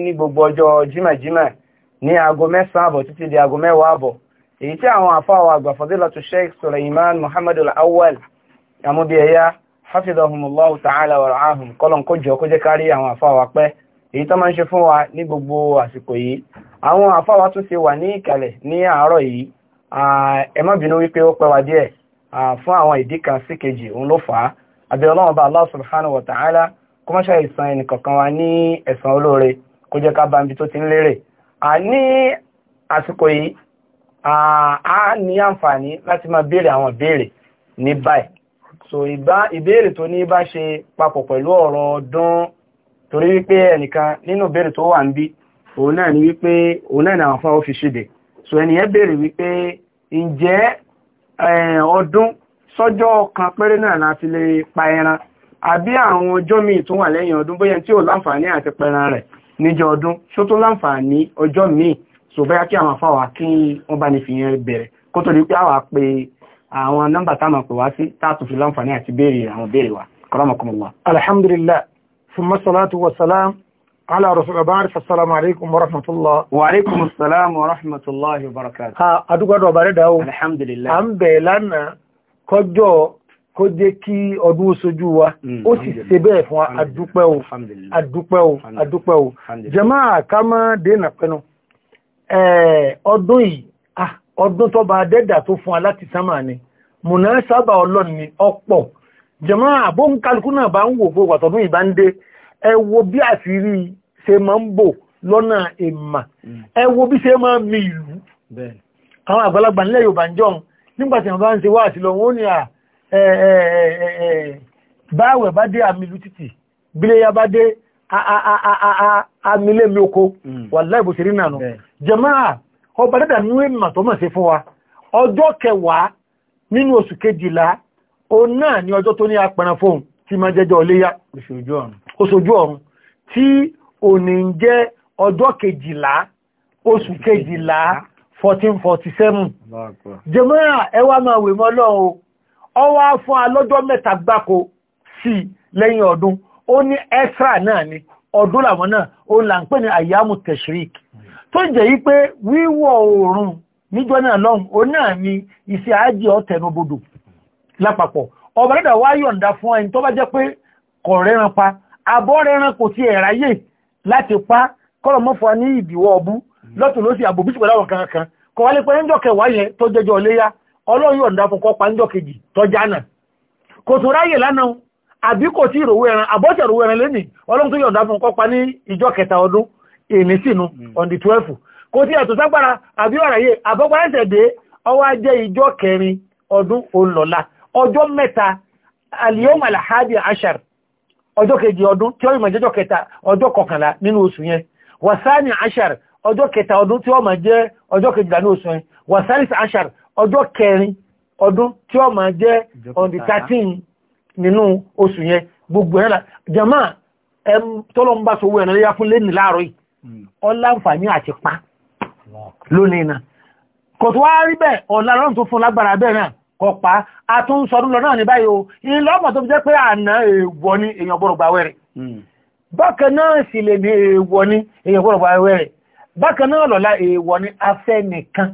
ní gbogbo ọjọ́ jímẹ̀jímẹ̀ ní aago mẹ́sàn-án àbọ̀ títí di aago mẹ́wàá àbọ̀ èyí tí àwọn àfáwà àgbà fadilatu sheikh suleiman muhammad al-awwal amúbíẹ̀yà hafidhahumullahu ta'ala wa ra'ahum kọ́lọ̀n kójọ kó jẹ́ kárí àwọn àfáwà pẹ́ èyí tó máa ń ṣe fún wa ní gbogbo àsìkò yìí àwọn àfáwà tún ti wà ní ìkàlẹ̀ ní àárọ̀ yìí ẹ má bínú wípé ó pẹ́ wa díẹ̀ fún àwọn ìdí kan sí kejì òun ló fà á àbí ọlọ́run bá allah subhanahu wa ta'ala kó má ṣàìsàn ẹnìkọ̀ọ̀kan wa ní ẹ̀san olóore kó jẹ́ ká bambi tó ti ń lérè a ní àsìkò yìí a ní àǹfààní láti máa béèrè àwọn ìbéèrè ní báyìí so ìbéèrè tó ní bá ṣe papọ̀ pẹ̀lú ọ̀rọ̀ ọdún torí wípé ẹnìkan nínú ìbéèrè tó wà ń bí òun náà ni wípé òun náà ni àwọn fún ọ́fíìsì dè so ẹnìyẹn béèrè wípé ǹjẹ́ ọdún sọ́jọ́ kan péré náà láti lè pa ẹran àbí àwọn ọjọ́ míì tún wà lẹ́yìn ọdún bóyá tí ò láǹfààní àti pẹran rẹ̀ níjọ ọdún ṣó tó láǹfààní ọjọ́ míì so bẹ́yà kí àwọn afáwà kí wọ́n bá ní fi yẹn bẹ̀rẹ̀ kó tó di pé àwà pé àwọn nọ́mbà tá pè wá sí táàtù fi láǹfààní àti béèrè àwọn béèrè wa kọ́lámọ̀kọ́mọ̀lá. alhamdulillah summa salatu wa salam ala rasulillah bá ń rífa salamu alaikum wa rahmatullah. wa alaikum salamu wa rahmatullah wa barakatuh. adúgbò dọ̀ bàrẹ̀ alhamdulillah. à ń bẹ̀ lánàá kọjọ́ kó jẹ́ kí ọdún oṣojú wa hmm, ó sì ṣe bẹ́ẹ̀ fún adúpẹ́ o adúpẹ́ o adúpẹ́ o jẹ́mọ́ àká má dènà pẹ́nu ọdún yìí ọdún tó bá dẹ́dà tó fún aláti sánmà ni mùnà sábà ọlọ́ni ọ̀pọ̀ jẹ́mọ́ àbóhun kálukú náà bá ń wò fún wàtọ̀dún ìbá ń dé ẹ wo bí àṣírí ṣe máa ń bò lọ́nà èèmà hmm. ẹ wo bí ṣe máa mi ìlú àwọn àgbàlagbà nílẹ̀ Yorùbá ń jọun nígbàtí wọn bá ń ṣe wáàsí lọ wọn ní à Eh, eh, eh, báwẹ̀ bá dé àmìlú títì bíléyà bá dé àmìlé mi oko hmm. wà láìbò sí rí nànà jẹmáà ọba dẹ́dà ní ìmà tó mọ̀ sí fún wa ọjọ́ kẹwàá nínú oṣù kejìlá o náà ní ọjọ́ tó ní apẹran fóun tí ma jẹjọ léyà oṣojú ọ̀run tí òní ń jẹ́ ọjọ́ kejìlá oṣù kejìlá 1447 jẹmáà ẹwà máa wè mọ́ lọ́wọ́ ọwọ́ fún alọ́jọ́ mẹ́ta gbáko sí lẹ́yìn ọdún ó ní extra náà ni ọdún làwọn náà ó là ń pè ní àyàmù tẹ̀ṣíríkì tó jẹ́ yí pé wíwọ̀ oòrùn níjọ́ náà lọ́hùn ó náà ni iṣẹ́ àájì ọ̀tẹ̀nubodò lápapọ̀ ọba dẹ́dà wá yọ̀ǹda fún ẹni tó bá jẹ́ pé kọ̀ rẹ́ran pa abọ́ rẹ́ran kò tiẹ̀ ráyè láti pa kọ́rọ̀ mọ́fọ́ ní ìdíwọ́ ọbú lọ́tún lọ́sí àbòbísìpẹ̀láwọ̀ kankan kọ̀ wálé pé níjọ́ kẹwàá yẹn tó jẹjọ́ léyà ọlọ́run yóò dá fún kọ́ pàǹjọ́ kejì tọ́já náà kò tó ráyè lánàá àbí kò tí ìròwó ẹran àbọ́tẹ̀ ìròwó ẹran lẹ́nì ọlọ́run tó yọ̀ǹda fún kọ́pa ní ìjọ kẹta ọdún èní sínú hmm. on the twelve kò tí ẹ̀tọ́ ságbára àbí ọ̀ràyè àbọ́gbárẹ́sẹ̀ dé ọwọ́ ajẹ́ ìjọ kẹrin ọdún òǹlọ́lá ọjọ́ mẹ́ta ashar ọjọ́ kejì ọdún tí ó yìí máa jẹ́jọ́ kẹta ọjọ́ kọkànlá nínú wasani ashar ọjọ́ kẹta ọdún tí ó máa jẹ́ ọjọ́ kejìlá ní ashar ọjọ́ kẹrin ọdún tí ó máa jẹ́ on the thirteen nínú oṣù yẹn gbogbo ẹ̀rọ jama tọ́lọ́ ń bá sọ owó ẹ̀rọ yá fún lẹ́nìí láàárọ̀ yìí ọlá hmm. àǹfààní àti pa lónìí náà kò tó wá rí bẹ́ẹ̀ ọ̀la lọ́rùn tó fún lágbára bẹ́ẹ̀ náà kọpa àtúnsọdún lọ náà ní báyìí o ìlọ́pọ̀ tó fi jẹ́ pé àná èèwọ̀ ni èèyàn gbọ́dọ̀ gbà wẹ̀rẹ̀ hmm. bákan náà sì lè ní èèwọ̀ ni èèyàn gbọ́dọ̀ gbà wẹ̀rẹ̀ bákan náà lọ́la èèwọ̀ ni afẹ́nìkan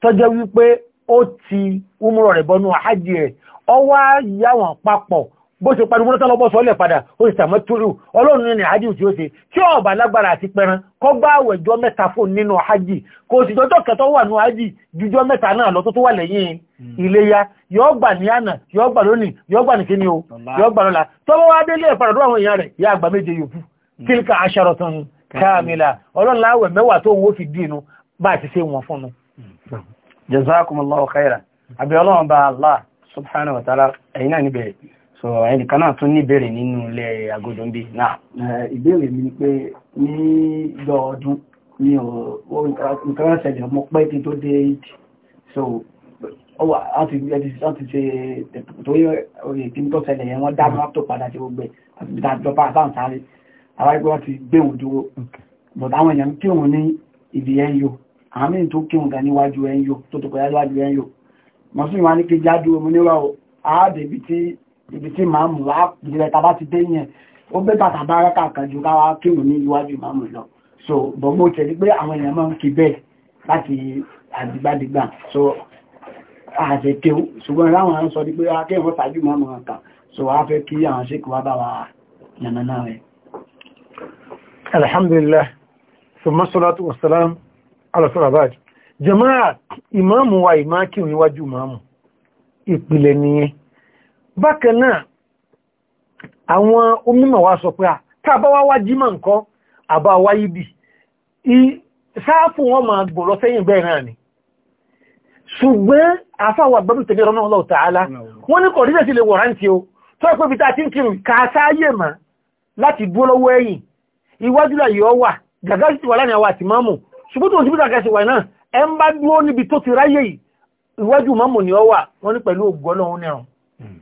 tó jẹ́ wípé ó ti umrọ̀ rẹ̀ bọnú àhájì rẹ̀ ọwá yá wọn papọ̀ bó ṣe parí múrọ́tà lọ́bọ̀ sọ́lẹ̀ padà ó sì tàmọ́ tóru ọlọ́run ní àhájì tí ó ṣe tí ọba lágbára àti pẹran kọ́ gbá àwẹ̀jọ́ mẹ́ta fún nínú àhájì kò sì jọjọ́ kẹtọ́ wà ní àhájì jújọ́ mẹ́ta náà lọ tó tó wà lẹ́yìn hmm. iléyá yọ́ gbà ní àná yọ́ gbà lónìí yọ́ gbà ní kíní o yọ́ gbà lọ́la tọ́wọ́ wá délé ìfaradọ́ àwọn èèyàn rẹ̀ yá àgbà méje yòókù kílíkà aṣọ àrọ̀tàn káàmìlà ọlọ́run láwẹ̀ mẹ́wàá tó ń wó fi dì inú bá àti ṣe wọn fún un jazakumullahu khairan àbí ọlọ́run bá allah subhanahu wa ta'ala ẹ̀yin náà níbẹ̀rẹ̀ so ẹnì kan náà tún níbẹ̀rẹ̀ nínú ilẹ̀ agodo ń bí náà. ìbéèrè mi ni pé ní ìjọ ọdún mi ò nǹkan rẹ̀ ṣẹlẹ̀ mo pẹ́ kí n tó dé ìdí so ó wà láti ṣe torí oyè kí n tó ṣẹlẹ̀ yẹn wọ́n dá mọ́tò padà sí gbogbo ẹ̀ àti bí táwọn ìjọba àbá ń sáré àwọn ẹgbẹ́ wọn ti gbé òun dúró bọ̀dá àwọn èèyàn kí òun ní ìdí ẹ̀ yóò àmì tó kí ọ̀gá níwájú ẹ̀yọ tó tó pẹ̀lú àjò ẹ̀yọ mọ̀sún ìwà ní kejì ájú omi níwà ó àádé ibi tí máa mú láàpìlẹ̀ tàbá ti dé yẹn ó bẹ́ bàtà bá rẹ́ kàkàn ju káwá kírun ní iwájú ìmáàmù lọ so bọ̀mọ́ tẹ̀lé pé àwọn èèyàn máa ń kí bẹ́ẹ̀ láti àdìgbàdìgbà so àṣẹ kéw ṣùgbọ́n láwọn àwọn sọ ní pé akẹ́wọ̀n ṣáájú ìmáàmù kan so a fẹ́ kí àwọn alhamdulillah summa salatu wassalam alọ́sọ́ràbáj jama'a ìmáàmù wa ìmáàkì níwájú ìmáàmù ìpìlẹ̀ nìyẹn bákan náà àwọn onímọ̀ wa sọ pé tàbá wá wá jímọ̀ nǹkan àbá wá ibi sáàfù wọn máa gbòrọ sẹ́yìn bẹ́ẹ̀ náà ni ṣùgbọ́n àfáwà gbọ́dọ̀ tẹ̀lé ọ̀nà Allah Ta'ala wọ́n ní kọ̀dílẹ̀ sí lè wọ̀rántí o tó ẹ̀pẹ́ bí ta ti wà gàgá sì wà láàrin ṣùgbọ́n tó síbítà kẹsì wà náà ẹ ń bá dúró níbi tó ti ráyè yìí mọ́mù ni ọ wà wọ́n ní pẹ̀lú ògùn ọlọ́run nìran hmm.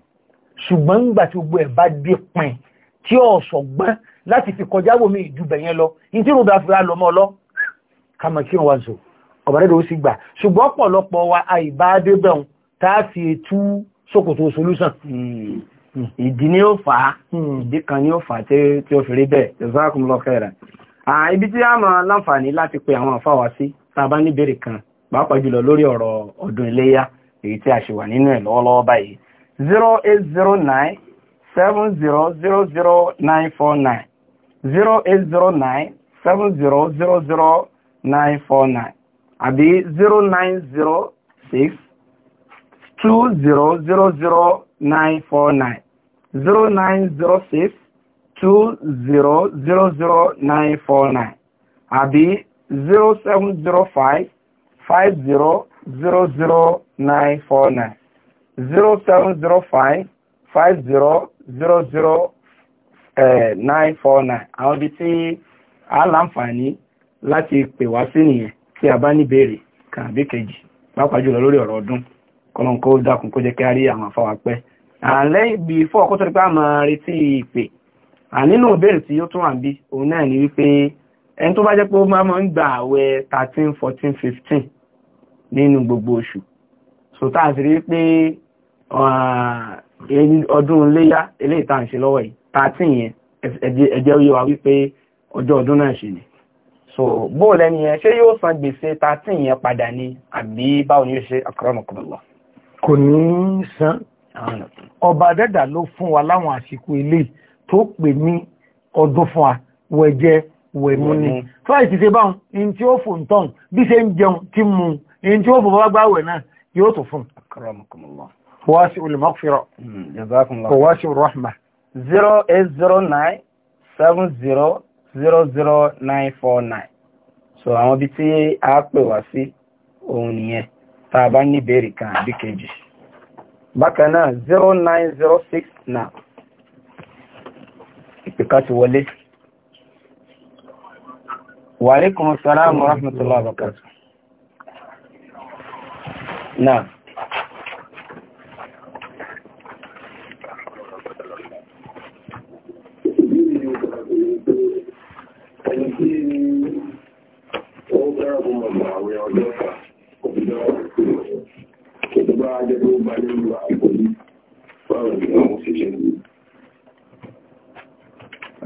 ṣùgbọ́n nígbà tí gbogbo ẹ̀ bá dé pin tí ọ̀ sọ̀gbọ́n láti fi kọjá wòmí ìjùbẹ̀ yẹn lọ ìtí ròdà fi lọ mọ́ lọ kàmà kí wọn zò ọ̀bàdàdà ó sì gbà ṣùgbọ́n ọ̀pọ̀lọpọ̀ wa àìbádébẹ̀hùn hmm. hmm. ni ó fà á ìdí kan ibi tí a máa láǹfààní láti pe àwọn àfáwà sí a kan pàápàá jùlọ lórí ọ̀rọ̀ ọdún iléyá èyí tí a ṣe wà nínú ẹ̀ lọ́wọ́lọ́wọ́ báyìí zero eight zero nine seven zero zero zero nine four nine zero eight zero nine seven zero zero zero nine four nine àbí zero nine two zero zero zero nine four nine àbí zero seven zero five five zero zero zero nine four nine zero seven zero five five zero zero zero nine four nine àwọn ibi tí a láǹfààní láti pè wá sí nìyẹn tí a bá ní béèrè kan àbí kejì pàápàá jùlọ lórí ọ̀rọ̀ ọdún kọ́nà kó dákun kó jẹ́ kí a rí àwọn afáwà pẹ́ àlẹ́ ibi fún ọkọ́ tó ti pé a máa retí ìpè ànínú ìbéèrè tí ó tún wà bí òun náà ni wípé ẹni tó bá jẹ́ pé ó máa ń gba àwẹ̀ 13 14 15 nínú gbogbo oṣù so tá a sì rí pé uh, ọdún léyá eléyìí tá à ń ṣe lọ́wọ́ yìí 13 yẹn ẹjẹ́ oyé wa wípé ọjọ́ ọdún náà ṣe ni so bóò lẹ́ni yẹn ṣé yóò san gbèsè 13 yẹn padà ni àbí báwo ni yóò ṣe akramakumullah kò ní í san ọba dẹ́dà ló fún wa láwọn àsìkò eléyìí tó pè ní ọdún fún wa wẹ̀jẹ wẹ̀mú ni fáì ti ṣe báhùn in tí ó fò ń tán bí ṣe ń jẹun tí mu in tí ó fò bá gbáwẹ̀ náà yóò tó fún wáṣí olùmọ́fẹ́rọ̀ kò wáṣí rahma. zero eight zero nine seven zero zero zero nine four nine so àwọn bí tí a pè wá sí ohun nìyẹn tá a bá ní ìbéèrè kan àbí kejì bákan náà zero nine zero six nine ìká ti wọlé wa alaikum assalam wa rahmatullahi wa barakatuh náà Ìjọba ajẹ́ tó bá nínú àwọn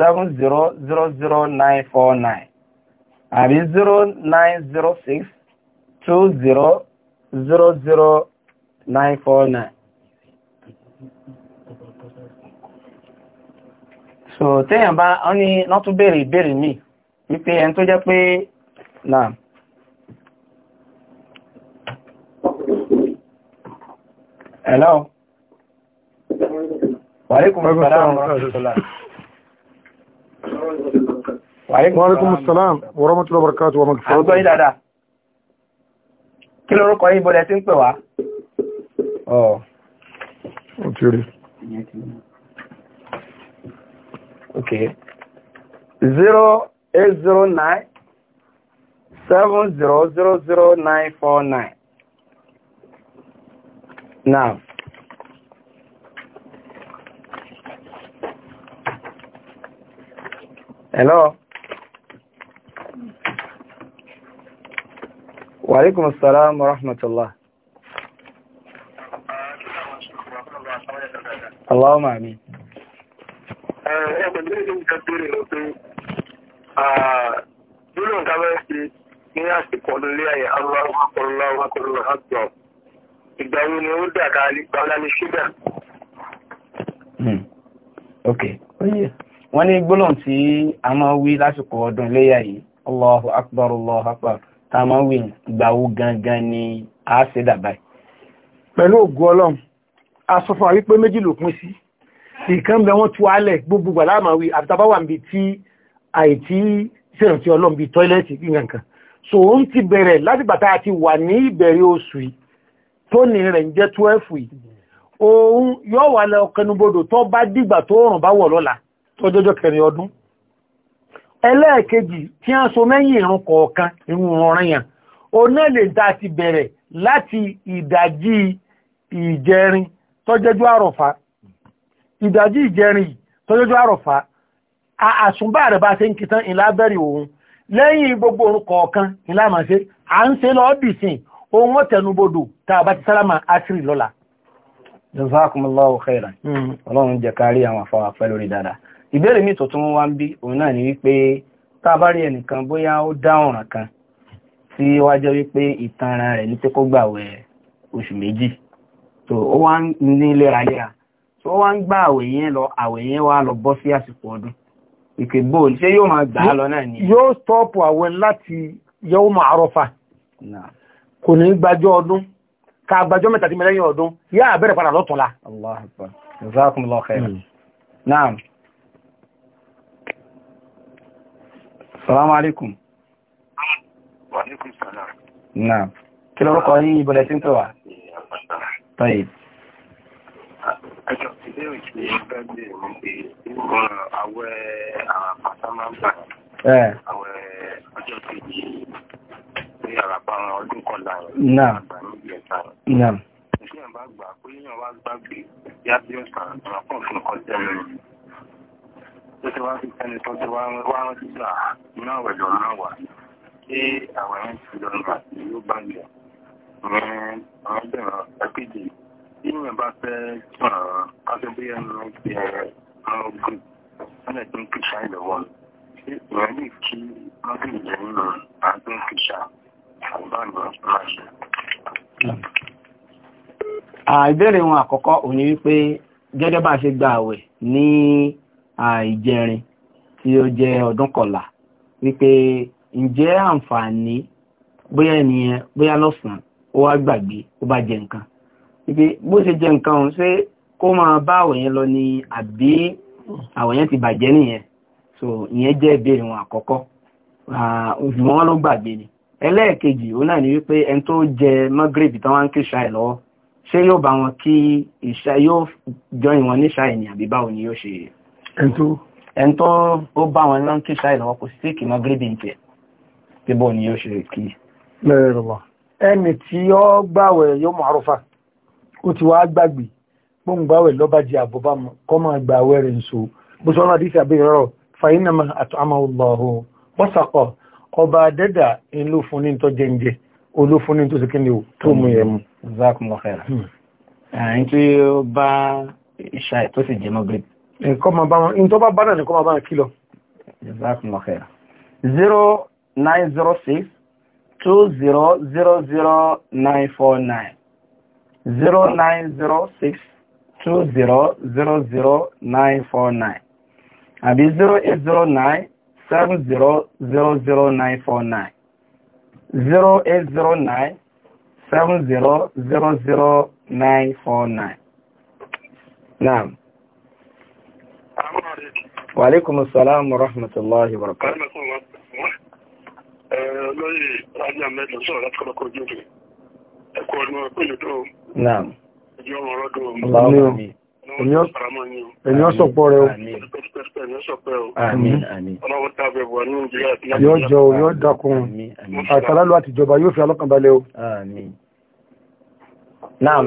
seven zero zero zero nine four nine àbí zero nine zero six two zero zero zero nine four nine. so téèyàn bá wọ́n ní wọ́n tún béèrè ìbéèrè míì wípé ẹni tó jẹ́ pé náà. hello. wàlékùn bàbá àwọn ọ̀rọ̀ ṣùgbọ́n. Wàlékún Mùsùlùm, wọ́rọ̀ mọ́tí lọ bọ̀rọ̀kátù wọ́n mọ́kí fọ́rọ̀. Àwọn gbọ́yìn dáadáa. Kí lórúkọ yìí bọ́lẹ̀ tí ń pè wá? Ọ̀. Oh. Ó ti rí. Ok. 0809 7000949. Now. Hello. Wa alaikum assalam wa rahmatullah. Allahumma amin. Ẹgbẹ̀rẹ̀ ìjọba ìjọba ìlú pé, nínú ìdámẹ́ sí ní àsìkò ọdún lé ayẹ Allahu akbar Allahu akbar Allahu akbar. Ìgbà wo ni ó dàgbà ní ṣídà? Ok, wọ́n ní gbólóhùn tí a máa wí lásìkò ọdún iléyà yìí allahu akbar allahu akbar tá a máa wí gbàwó gangan ni a ṣe dàbáyì. pẹ̀lú ògùn ọlọ́run a sọ fún wa wípé méjì ló pín sí ìkan bẹ wọn tu alẹ gbogbo gbà láàmà wí àtàbá wà níbi tí àìtí ṣèrántí ọlọ́run bíi tọ́ílẹ̀tì nǹkan kan so ó ń ti bẹ̀rẹ̀ láti bàtà àti wà ní ìbẹ̀rẹ̀ oṣù yìí tó ní rẹ̀ ń jẹ́ twelve yìí òun yóò wà lọ kẹnubodò tó bá dìgbà tó rùn bá wọ̀ lọ́la tọ́jọ́jọ́ kẹrin ọdún ẹlẹ́ẹ̀kejì tí a so mẹ́yìn ìrun kọ̀ọ̀kan ìrun ọ̀ranyàn o náà lè dá ti bẹ̀rẹ̀ láti ìdajì ìjẹrin tọ́jọ́jọ́ àrọ̀fà ìdajì ìjẹrin tọ́jọ́jọ́ àrọ̀fà àṣùnbà rẹ̀ bá ṣe ń kìtán ìlábẹ̀rẹ̀ òun lẹ́yìn gbogbo orun kọ̀ọ̀kan ìlàmàṣe à ń ṣe lọ dìsìn ohun ọ̀tẹ̀nubodò tàbá ti sálámà àṣírí lọ́la. jazakumullahu khairan hmm. ọlọ́run jẹ́ kárí àwọn afọ́wà pẹ́ lórí dáadáa ìbéèrè mi tuntun wá ń bí òun náà ni wípé tá a bá rí ẹnìkan bóyá ó dá ọ̀ràn kan tí wá jẹ́ wípé ìtanra rẹ̀ ní pé kó gbàwẹ̀ oṣù méjì tó ó wá ń ní léraléra tó ó wá ń gba àwẹ̀ yẹn lọ àwẹ̀ yẹn wá lọ bọ́ sí àsìkò ọdún ìpè bóòlù ṣé yóò máa gbà á lọ náà ni. yóò stọ́ọ̀pù àwẹ̀ láti yóò máa àrọ́fà kò ní gbàjọ́ ọdún ká gbàjọ́ mẹ́ta tí mẹ́lẹ́yìn ọdún yá àbẹ̀rẹ̀ padà lọ́tọ̀ọ́la. Allahu Akbar. Salamu alaikum. Wa alaikum salam. Náà. Kí ló rọ́kọ̀ yí ìbọ̀lẹ̀ tí ń tọ́wà? Tọ́yì. Ẹjọ́ ti léèrè tí ó bẹ́ bí ìwọ̀n àwẹ̀ àpàtàmàgbà. Àwẹ̀ ọjọ́ di ní àràbà ọdún kọlá rẹ̀. Náà. Náà. Ìṣẹ́ ìbá gbà pé yíyan wá gbàgbé yá bí ó sàn tó ti wá ẹni tó ti wá wọ́n ti sà iná ọ̀wẹ̀jọ̀ náà wà tí àwọn ẹ̀yìn ti lọ nípa ìlú bàjẹ́ ní àwọn bẹ̀rẹ̀ ẹ̀kejì tí èèyàn bá fẹ́ kásẹ̀ bí ẹnu ti ọmọ ogun wọ́n lè tún kìṣà ilẹ̀ wọn tí èèyàn lè kí mọ́tò ìjẹ́ nínú àádọ́ kìṣà àbáyọ máa ṣe. ìbéèrè wọn àkọ́kọ́ òní wípé gẹ́gẹ́ bá ṣe gba àwẹ̀ ní ìjẹrin tí ó jẹ́ ọdún kọlà wípé ǹjẹ́ àǹfààní bóyá ènìyàn bóyá lọ́sàn-án ó wá gbàgbé ó bá jẹ nǹkan wípé bó ṣe jẹ nǹkan ọ̀hún ṣé kó máa bá àwẹ̀yẹn lọ ni àbí àwẹ̀yẹn ti bàjẹ́ nìyẹn so ìyẹn jẹ́ ìbéèrè wọn àkọ́kọ́ ṣùgbọ́n wọn ló gbàgbé ni ẹlẹ́ẹ̀kejì ó náà ni wípé ẹni tó jẹ magreth tán wá ń kí ṣáì lọ́wọ́ ṣé yóò bá wọn kí ìṣá yóò jọyìn wọn ní ṣáì ni àbí báwo ni yóò ṣe yẹ ẹn tó ó bá wọn lọ́n kí ṣáì lọ́wọ́ kò sí kì mọ́ gíríbì ń tẹ̀ tí bọ́ ni yóò ṣe rè kí. lẹ́rọ̀lọ́ ẹni tí ó gbàwẹ̀ yóò mọ̀ àrùfà ó ti wá gbàgbé bóun gbàwẹ̀ lọ́ba di àbúbá mu kọ́ máa gbàwẹ̀ rẹ̀ nso bó sọ́nà àdìsí àbẹ̀rẹ̀ fàyínàmà àtàmàlọ́hù wọ́sàkọ̀ ọba adẹ́dà ló fún ní tó jẹ́ǹjẹ́ oló hmm. tí ó bá ìṣàì tó sì jẹ́ mọ́ nǹkan ma bá wọn in tó bá bá náà nǹkan ma bá wọn kílọ. jazakumullahu khair zero nine zero six two zero zero zero nine four nine zero nine zero six two zero zero zero nine four nine àbí zero eight zero nine seven zero zero zero nine four nine zero eight zero nine seven zero zero zero nine four nine. Naam. Wa alaikum assalam wa rahmatullahi wa barakatuh. Lórí Rájí Ahmed sọ̀rọ̀ láti kọ́lọ́kọ́ ojú rẹ̀. rẹ̀ Yóò jọ yóò dákun. Àtàlálù àtijọba yóò fi alọ́kànbalẹ̀ o. Naam.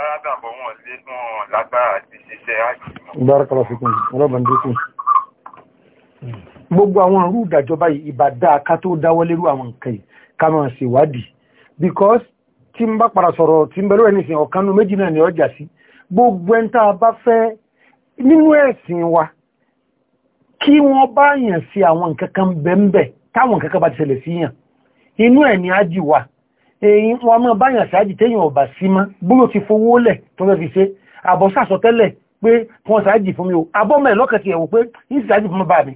rárá dàbọ̀ wọn lé wọn lágbára àti ṣiṣẹ́ àjì. bárakàlá fikùn ọlọ́bàá ndókùn. gbogbo àwọn irú ìdàjọba ìbàdá ká tó dáwọ́ lérú àwọn nǹkan yìí ká máa ṣèwádìí because tí n bá para sọ̀rọ̀ tí n bẹ̀rù ẹ̀ nísìnyí ọ̀kanú méjì náà ni ọjà sí gbogbo ẹni tá a bá fẹ́ nínú ẹ̀sìn wa kí wọ́n bá yàn sí àwọn nǹkan kan bẹ́ẹ̀ bẹ́ẹ̀ táwọn nǹkan kan bá ti ṣẹlẹ̀ sí yàn inú ẹ̀ ni á jì wà èyí wọn mọ́ báyàn sáájì téyàn ọ̀bà sí mọ́ búrò ti fowó lẹ̀ tó fẹ́ fi ṣe àbọ̀ sàsọ tẹ́lẹ̀ pé wọ́n sáájì fún mi o abọ́mọ̀ ẹ̀lọ́kẹ̀tì ẹ̀wò pé yìí sáájì fún bá mi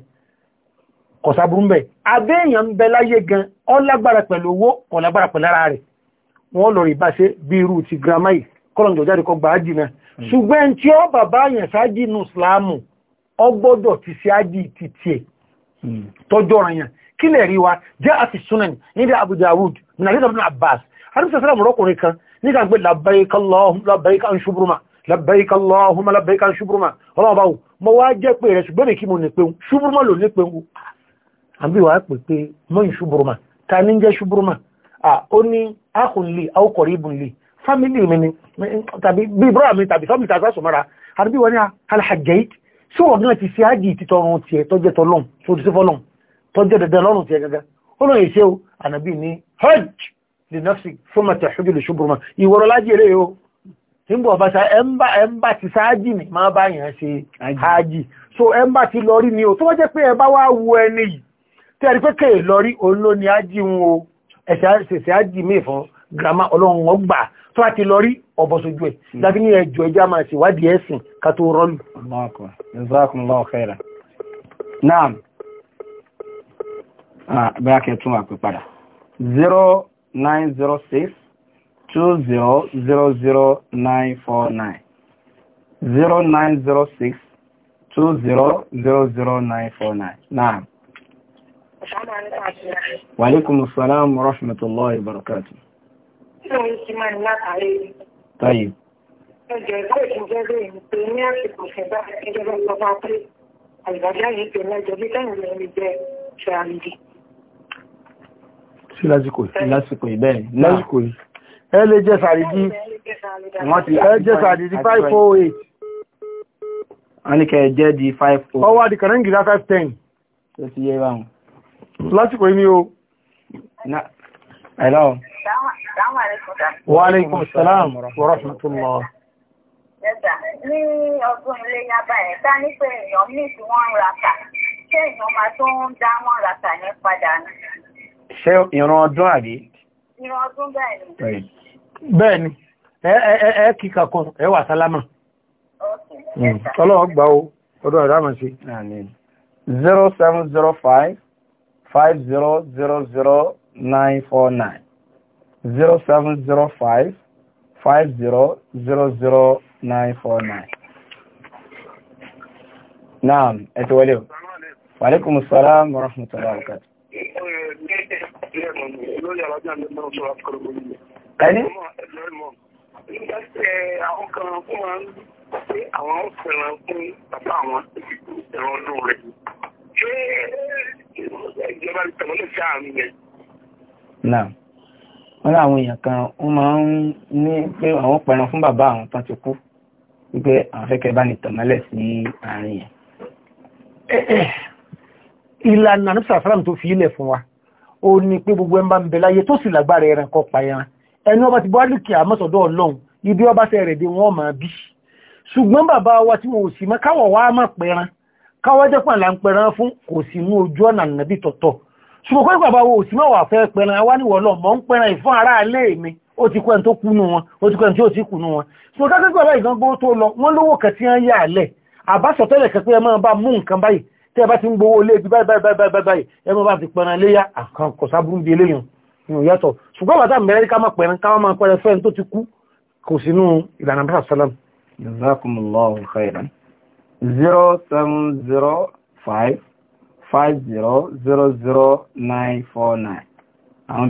kọ̀sàbùrú ń bẹ̀ abẹ́yàn ń bẹ láyé gan ọlágbára pẹ̀lú owó ọlágbára pẹ̀lú ara rẹ̀ wọ́n lọ rí bá ṣe bí irú ti girama yìí kọ́lọ̀njọ jáde kọ gbà á jìnà ṣùgbọ́n tí ó bàbá yẹn sáájì nù sùlámù ọgbọ́dọ̀ ti ṣe ájì ti tiẹ̀ hmm. tọ́jọ́ ọ̀ràn yẹn kílẹ̀ rí wa jẹ́ àti sunan nílẹ̀ Abu Dawud nàìjíríà ibn Abbas àdúgbò sẹ́sẹ́rà mọ̀rọ́kùnrin kan nígbà pé labbaika labbaika ń ṣubúrúmà labbaika Allahumma labbaika ń ṣubúrúmà ọlọ́wọ́ báwo mo wá jẹ́ pé rẹ̀ ṣùgbọ́n ní kí mo ní pé ṣubúrúmà ló ní pé ń àbí wàá pè pé mọ́ ń ṣubúrúmà ta ní jẹ́ ṣubúrúmà ó ní akhun li aw qaribun li fámìlì mi ni tàbí bí bọ́ra mi tàbí fámìlì tàbí sọmọ́ra àbí wọ́n tọ́jọ́ dandan lọ́rùn tiẹ̀ gangan ó lóun ìṣe o ní hajj di nọ́ọ̀sì fún màtà hajj lè ṣubú ma ìwọ̀rọ̀ lájì eré o ọba sa ẹ̀ńbà ti sáájì ni máa bá yàn ṣe hajj so ti lọri ni o tó wọ́n jẹ́ pé ẹ bá wá ẹni yìí tí a rí pé ń o ẹ̀ṣẹ̀ fún girama ọlọ́run tó bẹ́ẹ̀ kẹ́ tún àpè padà zero nine zero six two zero zero zero nine four nine zero nine zero six two zero zero zero nine four nine naam. Wa alaikum salam wa rahmatullahi wa barakatuh. Tayyib. Ẹjọ́ sí lásìkò yìí lásìkò yìí bẹ́ẹ̀ lásìkò yìí ẹ lè jẹ́ sàrídí ẹ jẹ́ sàrídí 508 wọ́n jẹ́ di 508 ọwọ́ àdì kàrẹ́ǹgìdá 510 tó ti yẹ báwọn lásìkò yìí ni o ẹ̀lọ́ wa alaikum salam wa rahmatullah ẹ̀dà ní ọdún ilé yaba ẹ̀ tá èèyàn mí tí wọ́n ń rata ṣé èèyàn máa tó ń dá wọ́n rata yẹn padà ní ṣe ìran ọdún àbí? ìran ọdún bẹ́ẹ̀ ni. bẹ́ẹ̀ ni ẹ kí kankan ẹ wà sálámà. Mm. ọlọ́run gbà ó ọdún ọ̀dá mọ̀ sí. zero seven zero five five zero zero zero nine four nine zero seven zero five five zero zero zero nine four nine. Naam, ẹ ti wọlé o. Wa alaikumus salam lórí alájà ní mọ́ sọ àfikọ́rọ̀ gbogbo ilẹ̀. ẹni. àwọn kan fún wa pé àwọn fẹ́ràn fún bàbá àwọn ìran ọdún rẹ̀. ṣé ìjọba ìtẹ̀wọ́lẹ̀ sí àárín rẹ̀. náà wọ́n láwọn èèyàn kan wọ́n máa ń ní pé àwọn pẹran fún bàbá àwọn tán ti kú wípé àwọn fẹ́ kẹ́ bá ní tọ̀mọ́lẹ̀ sí àárín yẹn. ìlànà nípa sàfàràm tó fi ilẹ̀ fún wa ó ní pé gbogbo ẹmbà ń bẹ láyé tó sì lágbára ẹran kọ pa ẹran ẹni ọba ti bọ́ọ̀lù kí àmọ́sọ̀dọ̀ ọlọ́run ibi ọba fẹ́ rẹ̀ dé wọ́n máa bí ṣùgbọ́n bàbá wa tí wọn ò sì mọ́ káwọ̀ wá má pẹran káwọ́ jẹ́ pàlà ń pẹran fún kò sí inú ojú ọ̀nà nàbí tọ̀tọ̀ ṣùgbọ́n wa ò sì mọ́ wà fẹ́ pẹran wá níwọ̀ lọ mi ó ti kọ́ ẹni tó kú nù wọn ó ti kọ́ ẹni tí ó ti kú nù wọn ṣùgbọ́n kákẹ́kọ̀ọ́ báyìí gan gbó tó lọ tẹ́ ti ń gbowó lé bí báyìí ẹmọ bá ti pẹran léyà àkànkọ̀ sábúrú di eléyàn ní òyàtọ̀ ṣùgbọ́n bàtà mẹ́rẹ́ ká máa pẹran ká máa pẹran fẹ́ tó ti kú kò sínú ìlànà bí zero zero five five zero zero zero nine four nine àwọn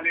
ibi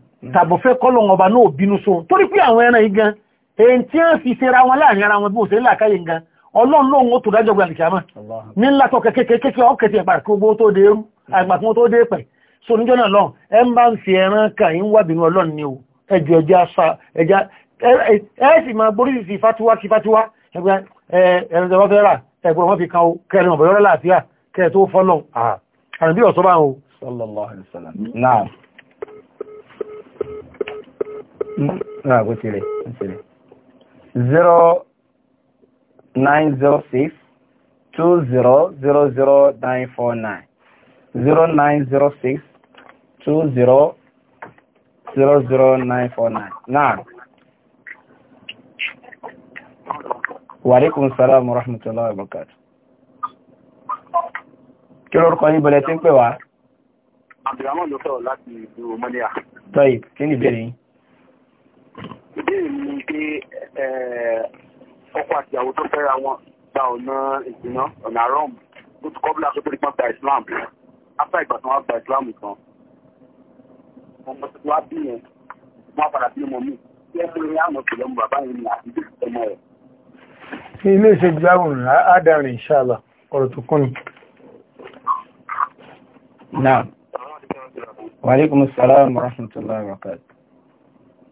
Hmm. tàbọ̀fẹ́ kọ́lọ̀ ọba náà bínú so torí pé àwọn ẹran igan èyí tí wọ́n fi ṣera wọn láàrin ara wọn bí òṣèré làkáyé gan ọlọ́run lóhun ó tó dájọ́ gbà nìkàmà ní ńlá tó kékeré kékeré ọkẹtì ẹ̀pà kí gbogbo tó dé eru hmm. àgbà tí wọ́n tó dé pẹ̀ so níjọ́ náà lọ́n ẹ ń bá ń fi ẹran kà ń wà bínú ọlọ́run ni o ẹjọ ẹja sa ẹja ẹ sì máa borí sí fatiwa kí fatiwa ẹgbẹ ẹran tó bá o kẹrin ọ̀bọ̀yọ́rọ́ láàfíà kẹ tó fọ́lọ́ àrùn bí ọ̀sọ́ bá ń o. sallallahu alaihi No, ah, go tilẹ̀ tilẹ̀ zero nine zero six two zero zero zero nine four nine zero nine zero six two zero zero zero nine four nine náà. Wàríkùn sálàmù rahmatullahi wa barakatuh. Kí lórúkọ yín bẹ̀rẹ̀ tí ń pè wá? Àbìrámọ̀ ló sọ̀rọ̀ láti ìlú Mọ́níà. Tọ́yì, kí ni ìbéèrè yín? ìbéèrè mi ni pé eh, ọkọ àti ìyàwó tó fẹ́ra wọn gba ọ̀nà ìdìná ọ̀nà àrọ́ọ̀mù ló ti kọ́ bí láti tó lè pọ́n gba Islam after ìgbà tí wọ́n gba Islam tán ọmọ tuntun wá bí yẹn wọ́n padà bí ọmọ mi tí ẹ fún mi àmọ̀ pẹ̀lú ọmọ bàbá yẹn ni àti bí ọmọ rẹ̀. ilé ìṣègbéyàwòrán adarin inshallah ọ̀rọ̀ tó kún ni. Naam. Wa alaikumus salam wa rahmatullahi wa barakatuh.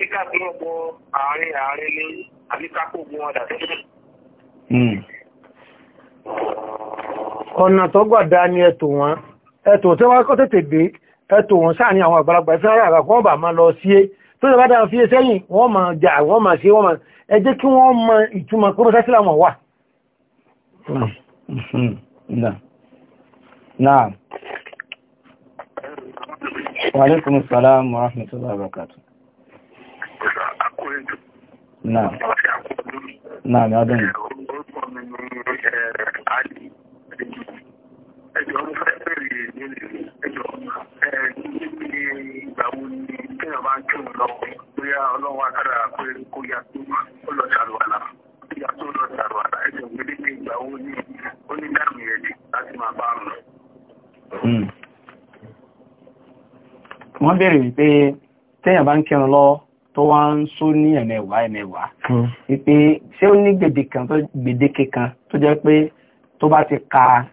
kíkà bí wọ́n bọ àárín àárín ní àbí kákó gun ọ̀dà sí. Hmm. ọ̀nà tó gbàdá ni ẹ̀tò wọn ẹ̀tò tí wọ́n kọ́ tètè dé ẹ̀tò wọn sáà ní àwọn àgbàlagbà ìfẹ́ ara àgbà kọ́ bà máa lọ sí é tó ṣe bá dára fi sẹ́yìn wọ́n máa jà wọ́n máa ṣe wọ́n máa ẹ jẹ́ kí wọ́n mọ ìtumọ̀ pé mọ́sá sílámù wà. Hmm. Hmm. Wa alaikumus salam wa rahmatullahi wa Naam. Naam, ya dùn. Ẹjọ́ ń Wọ́n wípé téèyàn bá ń kírun lọ́wọ́ tó wá ń só ní ẹ̀mẹ̀wá ẹ̀mẹ̀wá hmm. wípé ṣé ó ní gbèdéke kan tó jẹ́ pé tó bá ti ka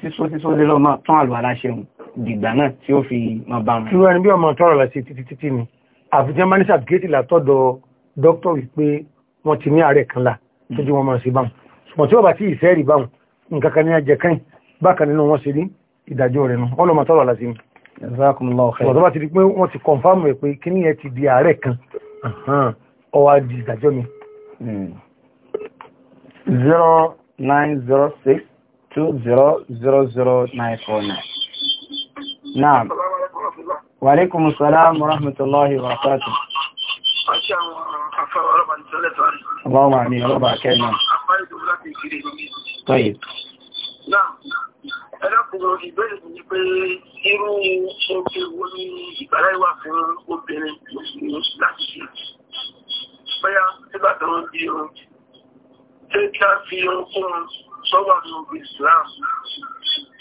sísó sísó lé lọ́mọ tán àlọ́ aláṣẹun dìgbà náà tí ó fi máa bá wọn. irú ẹni bí ọmọ tọrọ rẹ sí títí títí ni àfijẹ́ manisha gẹ́tì látọ̀dọ̀ dókítà wípé wọ́n ti ní àárẹ̀ kan là tó jẹ́ wọn máa ṣe báwọn ṣùgbọ́n tí ó bá ti ìṣẹ́ rí báwọn nǹkan kan ní ajẹ́ kan bákan nínú wọn ṣe ní ìdájọ́ rẹ̀ nù wọ́n lọ́mọ tọrọ rẹ sí ni. ẹ̀sán kùnú lọ́ọ̀kẹ́. ọ̀dọ́ bá ti di pé wọ́n ti kọ̀ǹfàmù ẹ̀ pé kíní ẹ ti di àárẹ̀ kan ọwọ́ di ìdájọ́ mi. Hmm. zero nine zero six two zero zero zero nine four nine. naam wàlékùmù sàlám rahmatulahi wa barakatu. Aṣe àwọn afẹ́wọ̀ ọlọ́pàá ní tọ́lẹ̀ tọ́rì. Ọlọ́wà ní ọlọ́pàá kẹ́nà. Àpárí ìdòwò láti ìkiri. Tọ́yì. Náà, ẹlọ́kùnrin ìbéèrè ní pé irú oge wo ni ìgbàlá ìwà fún obìnrin mùsùlùmí láti ṣe bóyá nígbà tó ń di irun ṣé kí a fi irun sọ́wọ́ àwọn òbí Islam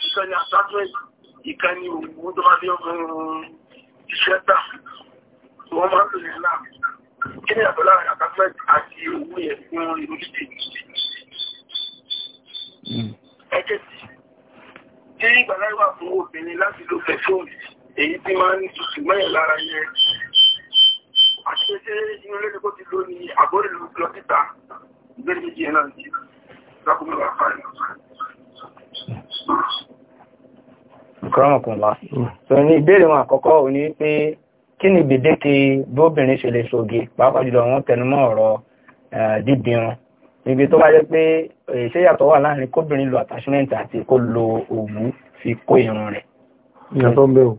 ìkànnì àtàkùn ìkànnì òwú tó bá dé ọmọ iṣẹ́ tà wọ́n máa ń lò ní náà kí ni àtọ́ láàrin àtàkùn àti òwú yẹn fún irun dídì hmm. ẹ̀kẹ́sì tí ìgbàláyé wà fún obìnrin láti ló fẹ́ fóònù èyí tí máa ń tutù mẹ́rin lára yẹn àti pé inú lẹ́nu kó ti ló ní àbórí lọ síta ìgbẹ́ni méjì náà ti lákòókò wà fáyé. kọ́mọ̀kùnlá tó ní ìbéèrè wọn àkọ́kọ́ ò ní pé kí ni gbèdéke bóbìnrin ṣe lè ṣoge pàápàá jùlọ wọn tẹnumọ́ ọ̀rọ̀ eh, dídìrun níbi tó bá jẹ́ pé ṣé yàtọ̀ wà láàrin kóbìnrin lo attachment àti kó lo òwú fi kó irun rẹ̀. ìyàtọ̀ ń bẹ o.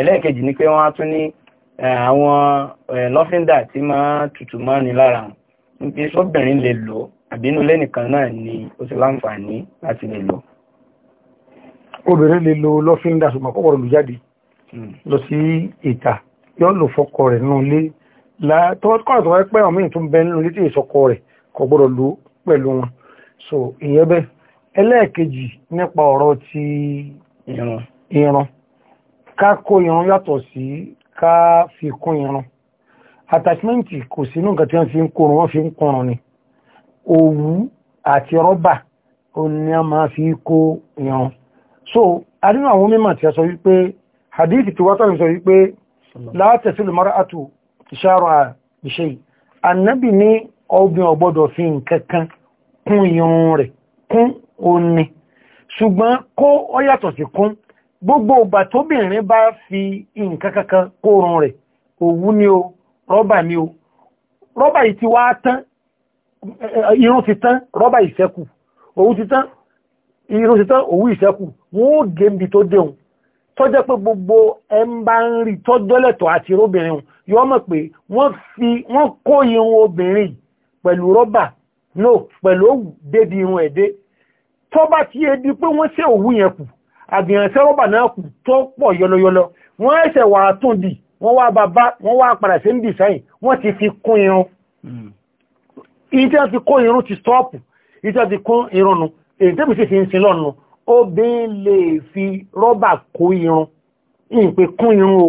ẹlẹ́ẹ̀kejì ni pé wọ́n á tún ní àwọn lọ́fíńdà tí máa tutù máa ní lára wọn níbi sóbìnrin lè lò àbí lẹ́nìkan náà ni ó ti láǹfààní láti lè lò. obìnrin lè lo lọ́fíńdà ṣùgbọ́n kọ́kọ́rọ́ lù jáde hmm. lọ sí ìta yóò lò fọkọ rẹ̀ nínú ilé tọ́wọ́ kọ́ra tó wáyé àwọn míì so ìyẹn bẹ́ẹ̀ ẹlẹ́ẹ̀kejì nípa ọ̀rọ̀ ti irun ká kó irun yàtọ̀ sí ká fi kún irun attachment kò sínú nǹkan tí wọ́n fi ń kórun wọ́n fi ń kórun ni òwú àti rọ́bà ni a máa fi kó irun so a nínú àwọn mímọ̀ tí a sọ wípé hadith sọ wípé ní ọgbìn kún irun rẹ̀ kún oní ṣùgbọ́n kó ọ yàtọ̀ sí kún gbogbo ọba tóbìnrin bá fi nǹkan kankan kórun rẹ̀ òwú ni o rọ́bà ni o rọ́bà yìí ti wá tán irun ti tán rọ́bà ìṣẹ́kù òwú ti tán irun ti tán òwú ìṣẹ́kù wọ́n ó gé ibi tó déhun tó pé gbogbo ẹ ń bá ń rí tọ́jọ́lẹ̀tọ̀ àti irúbìnrin yọ pé wọ́n kó irun obìnrin pẹ̀lú rọ́bà no pẹ̀lú òwú débi irun ẹ̀dẹ́ tó bá ti yé di pé wọ́n ṣe òwú yẹn kù àgbìyànṣẹ́ rọ́bà náà kù tó pọ̀ yọlọyọlọ wọ́n ẹ̀ṣẹ̀ wà á tún dì wọ́n wá bàbá wọ́n wá padà sí ń dì sẹ́yìn wọ́n ti fi kún irun ìjẹ́ fi kó irun ti stọ́ọ̀pù ìjẹ́ fi kún irun nu èyí tẹ́bí sí fi ń sin lọ́nu obìnrin lè fi rọ́bà kó irun ìpè kún irun o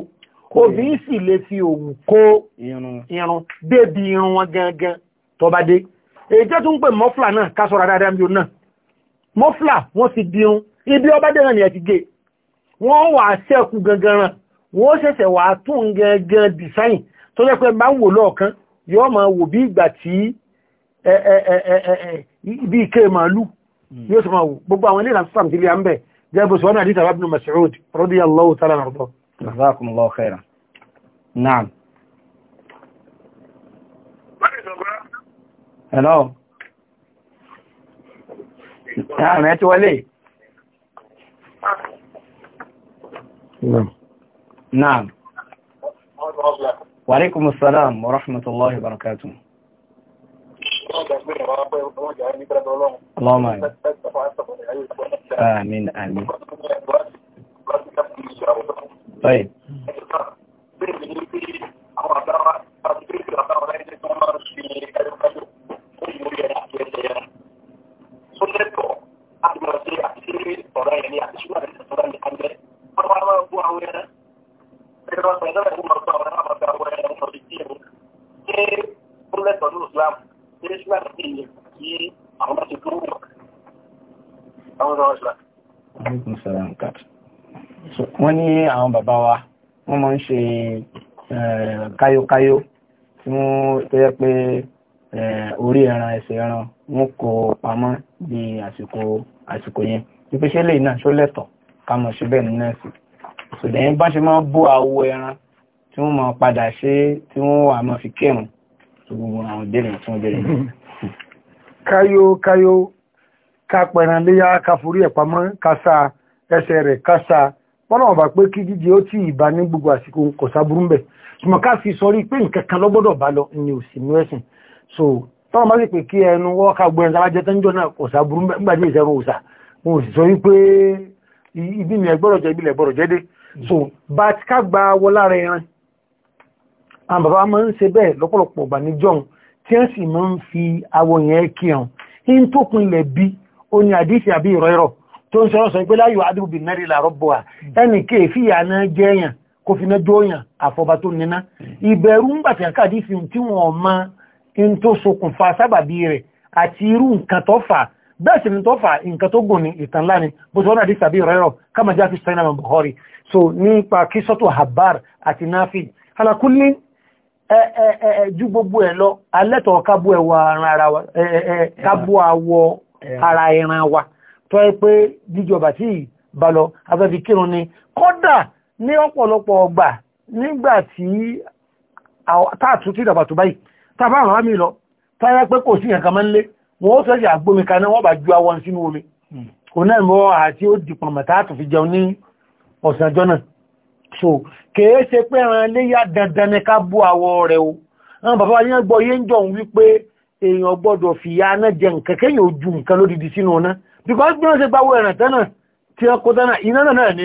obìnrin sì lè fi òwú kó irun débi irun wọn gangan tó bá dé èyí tó tún pè mọ́flà náà kásọ̀rọ̀ dáadáa bí o náà mọ́flà wọ́n ti dirun ibi ọba dẹ̀rẹ̀ ni ẹ ti gé wọ́n wà sẹ́ẹ̀kù gangan wọ́n ṣẹ̀ṣẹ̀ wà tún gangan dìsáyìn tó jẹ́ pé máa ń wò lọ́ọ̀kan yóò máa wò bí ìgbà tí ibi ike màálù hmm. yóò sọ máa wò gbogbo àwọn ilé ìlànà sàmìtì à ń bẹ̀ gẹ́gẹ́ bó sọ wọn Hello. Ààrẹ ẹ̀ tí wọlé. Naam. Wa alaikumus salam wa rahmatullahi wa barakatuh. اللهم آمين آمين آمين طيب wọ́n ní àwọn bàbá wa wọ́n máa ń ṣe eh, káyókáyó tí wọ́n tó yẹ pé eh, orí ẹran ẹsẹ̀ ẹran wọn kò pamọ́ di àsìkò àsìkò yẹn wípé ṣé lè náà ṣó lẹ́tọ̀ ká mọ̀ sí bẹ́ẹ̀ nínú ẹ̀sìn ṣùgbọ́n bá ṣe máa bó àwo ẹran tí wọ́n máa padà ṣe tí wọ́n wà máa fi kírun gbogbo àwọn ìbéèrè tí wọ́n béèrè. káyó káyó ká pẹran léyà ká forí ẹ̀ pamọ́ ká sa ẹsẹ̀ rẹ̀ ká sa wọ́n bá pé kí jíjẹ ó tí ìbá ní gbogbo àsìkò kò sáburú bẹ̀ ṣùgbọ́n ká fi sọrí pé nǹkan kan lọ́gbọ́dọ̀ bá lọ ní òsìnú ẹ̀sìn so tọ́wọ́n bá sì pé kí ẹnu wọ́n ká gbọ́n ẹ̀sán ajẹ́ tẹ́jọ́ náà kò sáburú bẹ̀ nígbà tí ìṣẹ́run òsà wọn ò sì sọ wípé ibi mi ẹgbọ́rọ̀ jẹ́ ibi lẹ̀gbọ́rọ̀ jẹ́ dé so bá ti ká gba wọ lára ẹran àwọn bàbá máa ń ṣe bẹ́ẹ̀ lọ́pọ̀lọpọ̀ ọ̀gbà ní jọ́un tí wọ́n sì máa ń tó ń sọ̀rọ̀ sọ pé láyò adúgbò mẹ́rin làárọ̀ bọ̀ wá ẹnì kéè fìyà náà jẹ́yàn kó fi náà jóyàn àfọba tó níná ìbẹ̀rù ń gbàtí àkàdí fi tí wọ́n mọ in tó ṣokùnfà sábàbí rẹ̀ àti irú nǹkan tó fà ni tó fà nǹkan tó gùn ní ìtàn láni bó sọ náà sàbí rẹ̀rọ̀ kama jáfi sinimá Bukhari so nípa kí sọ́tò kábú ẹ̀wọ̀ ara ẹran wa tọ́ ẹ pé jíjọba tí ìbá lọ afẹ́fi kírun ni kódà ní ọ̀pọ̀lọpọ̀ ọgbà nígbà tí táàtú tí ìdàgbà tó báyìí tàbá àwọn àmì lọ táyà pé kò sí nǹkan máa ń lé wọn ó sọ́jà àgbómi kaná wọ́n bá ju àwọn sínú omi kò hmm. náà mọ́ àti ó di pọ̀nmọ̀ táàtú fi jẹun ní ọ̀sán náà so kèé ṣe pé ẹran léyà dandan ni ká bú àwọ̀ rẹ̀ o àwọn bàbá wa ní ẹgbọ́ yé ń jọun wípé èèyàn gbọ́dọ̀ fìyà náà jẹ nǹkan kéèyàn ojú nǹkan lódìdí sínú náà because bí wọ́n ṣe gbáwó ẹ̀rẹ̀ tẹ́nà tí ẹ kó tẹ́nà iná náà ní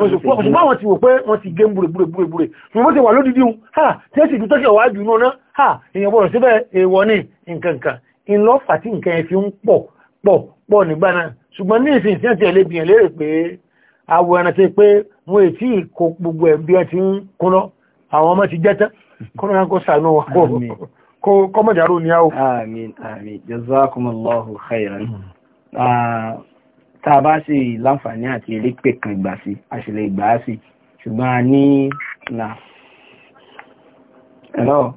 ọ̀ṣùgbọ́n wọn ti wò pé wọ́n ti gé múrèmúrèmúrè fún wọ́n ti wà lódìdí un ha tí ẹ sì ju tọ́kẹ̀ wájú ha èèyàn bọ̀rọ̀ síbẹ̀ èèwọ̀ ní nkankan ìlọ́fà tí nkan ẹ̀ fi ń pọ̀ pọ̀ pọ̀ nígbà náà ṣùgbọ́n ní ìsìn sí ẹ̀tì ẹlẹ́bìyàn lérè pé awọ ẹran ti pé wọn è tí kó gbogbo ẹ̀ bí ẹ ti ń kúnná àwọn ọmọ ti jẹ́tán kọ́nà tá a bá sì láǹfààní àti eré pè kan ìgbà sí a sì lè gbà sí ṣùgbọ́n a ní là. Hello.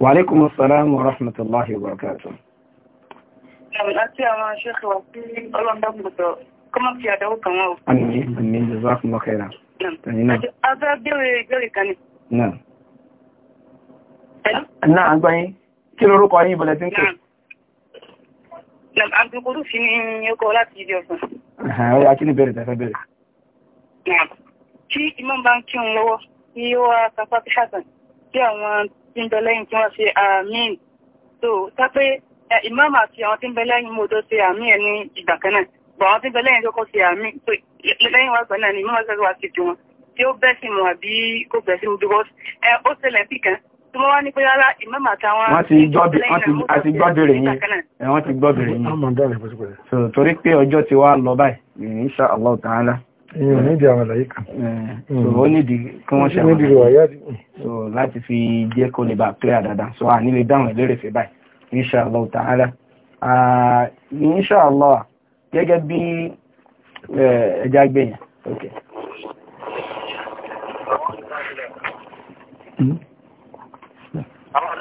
Wa alaikum assalam wa rahmatullahi wa àwọn aṣẹ́kọ̀ sí ọlọ́ndàbùtọ̀ kọ́mọ̀ fi àdáwò kan wọ́n. Àmì àmì jazakum khaira. Abẹ́ bẹ̀rẹ̀ ìgbẹ̀rẹ̀ kan ni. Náà. àgbáyé, kí lórúkọ yín ìbọ̀lẹ̀ tí ń kè? Abdulkudu fi ní ọkọ̀ láti ìdí ọ̀sán. Ọ̀rọ̀ akíní bẹ̀rẹ̀ tẹ́fẹ́ bẹ̀rẹ̀. Kí imam bá ń kí òun lọ́wọ́, kí ó wá kápá tí ṣàtàn, kí àwọn tí ń bẹ lẹ́yìn kí wọ́n ṣe àmín. So, tápé imam àti àwọn tí ń bẹ lẹ́yìn mọ́tò ṣe àmín ẹ̀ ní ìgbà kan náà. Bọ̀ àwọn tí ń bẹ lẹ́yìn kọ́kọ́ ṣe àmín. So, lẹ́yìn wá gbọ́n náà ni imam àti àwọn tí ó bẹ́ tó bá wá ní pé rárá ìmọ̀mà àtàwọn wọ́n ti gbọ́bìnrin yìí wọ́n ti gbọ́bìnrin yìí so torí pé ọjọ́ ti wá lọ báyìí insha Allah ta'ala èyàn nídìí àwọn àlàyé kan hmm. so ó nídìí kí wọ́n ṣàwọn so láti fi jẹ́ kó lè bá clear dáadáa so a nílé dáhùn ìlérè fẹ́ báyìí insha Allah ta'ala insha Allah gẹ́gẹ́ bí ẹja gbẹ̀yàn okay.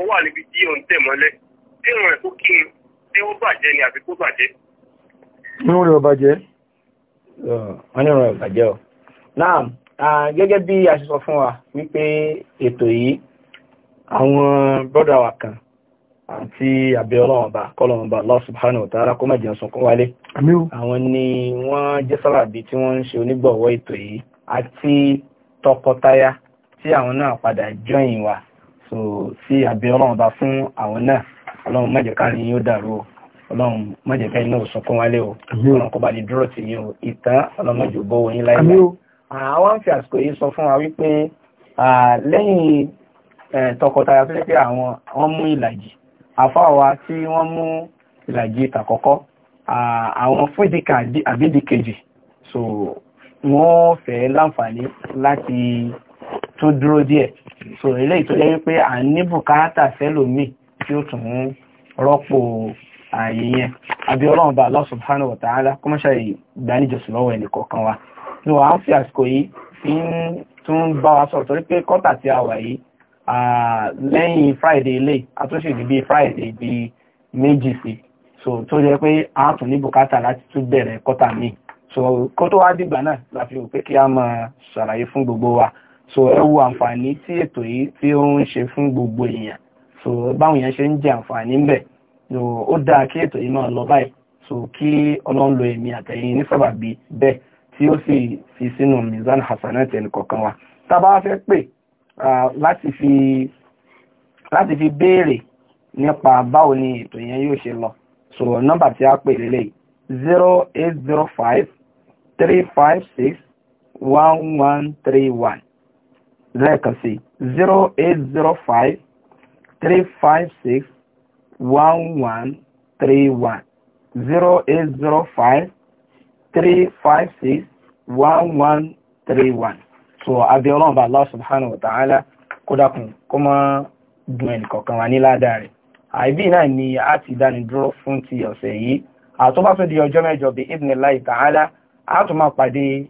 ó wà níbi tí òun tẹ̀ mọ́lẹ̀ tí ìrìn tó kí n tí ó bàjẹ́ ni àbí kó bàjẹ́. inú rẹ̀ bàjẹ́ wọ́n ní ìrìn bàjẹ́ o náà gẹ́gẹ́ bí a ṣe sọ fún wa wípé ètò yìí àwọn bọ́dà wa kan àti àbẹ̀ ọlọ́wọ̀nba kọlọ̀wọ̀nba Allah subhanahu wa ta'ala kó má jẹun sunkún wálé àwọn ni wọ́n jẹ́ sábàbí tí wọ́n ń ṣe onígbọ̀wọ́ ètò yìí àti tọkọtaya tí àwọn náà padà jọyìn wa so sí àbí ọlọ́run bá fún àwọn náà ọlọ́run má jẹ́ káàrin yóò dàrú o ọlọ́run má jẹ́ káàrin náà sọkún wálé o ọlọ́run kó bá lè dúró tì yín o ìtàn ọlọ́run má jẹ́ bọ́ wọ́n yín láyé náà àwọn fi àsìkò yìí sọ fún wa wípé lẹ́yìn tọkọtaya tó jẹ́ pé àwọn wọ́n mú ìlàjì àfáwa tí wọ́n mú ìlàjì tàkọ́kọ́ àwọn fúdìkà àbídìkejì so wọ́n fẹ́ láǹfààní láti tó dúró díẹ̀ so eléyìí tó jẹ́ wípé à ń ní bùkátà sẹ́lòmíì tí ó tún rọ́pò ààyè yẹn àbí ọlọ́run bá Allah subhanahu wa ta'ala kọ́mọ́ṣà ìdánijọ́sìn lọ́wọ́ ẹnì kọ̀ọ̀kan wa ni wọ́n á ń fi àsìkò yìí fi ń tún bá wa sọ̀rọ̀ torí pé kọ́tà tí a wà yìí lẹ́yìn Friday ilé àtúnṣe ìdí bíi Friday bíi méjì sí so tó jẹ́ pé a tún ní bùkátà láti tún bẹ̀rẹ̀ kọ́tà míì so kó tó wá dìgbà náà la fi rò pé kí a máa ṣàlàyé fún gbogbo wa so ẹ wo àǹfààní tí ètò yìí tí ó ń ṣe fún gbogbo èèyàn so báwọn èèyàn ṣe ń jẹ àǹfààní ń bẹ so ó dáa kí ètò yìí máa lọ báyìí so kí ọlọ́run lo èmi àtẹ̀yìn ní sábàbí bẹ́ẹ̀ tí ó sì fi sínú mizan hasanat ẹnì kọ̀ọ̀kan wa tá a bá fẹ́ pè láti fi láti fi béèrè nípa báwo ni ètò yẹn yóò ṣe lọ so nọ́mbà tí a pè lélẹ̀ zero eight zero five three five six one one three one lẹ́ẹ̀kan sí zero eight zero five three five six one one three one zero eight zero five three five six one one three one so abẹ́ ọlọ́run bá Allah subhanahu wa ta'ala kó dákun kó máa dùn ẹnìkọ̀ọ̀kan wa ní ládàá àìbí náà ni a ti dánidúró fún ti ọ̀sẹ̀ yìí àtọ́ bá tún di ọjọ́ mẹ́jọ bí ibnillahi ta'ala a tún máa pàdé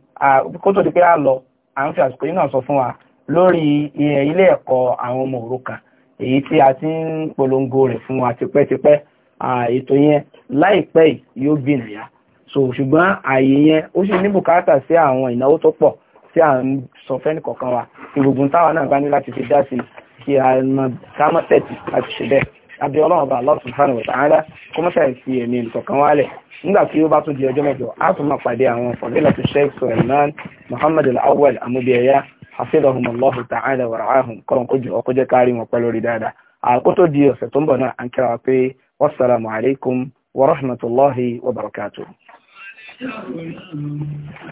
kó di pé a lọ à ń fi àsìkò yìí náà sọ fún wa lórí eh, ilé ẹ̀kọ́ àwọn ọmọ òrukàn èyí tí a ti ń polongo rẹ̀ fún wa tipẹ́tipẹ́ ètò yẹn láìpẹ́ yóò gbìnàyà so ṣùgbọ́n ààyè yẹn ó sì ní bùkátà sí àwọn ìnáwó tó pọ̀ tí à ń sọ fẹ́ni kọ̀ọ̀kan wa táwa náà bá láti fi dá sí kí a mọ kámọ́ tẹ̀tì láti ṣe bẹ́ẹ̀ abẹ́ ọlọ́run bá Allah subhanahu kọ́mọ́tà ẹ̀mí wálẹ̀ nígbà tí ó hafidahum allahu ta'ala wa ra'ahum kọ́lọ̀ kó jù ọkọ́ jẹ́ kárí wọn pẹ̀lú rí dáadáa àkótó di ọ̀sẹ̀ tó ń bọ̀ náà à ń wa pé wassalamu alaikum wa rahmatullahi wa barakatuh.